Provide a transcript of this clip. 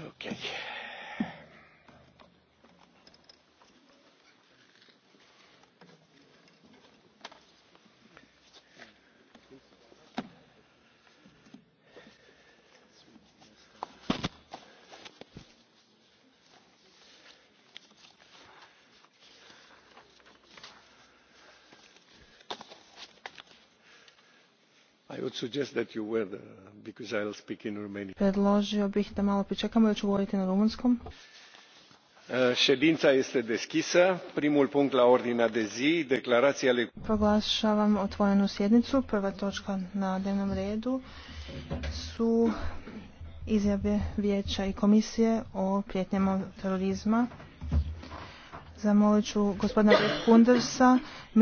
Okay. I would suggest that uh, Predložio bih da malo pričekamo jer ću govoriti na rumunskom. Uh, ședința este deschisă. Primul punct la ordinea de zi, declarația ale... Proglašavam otvorenu sjednicu. Prva točka na dnevnom redu su izjave vijeća i komisije o prijetnjama terorizma. Zamolit ću gospodina Kundersa,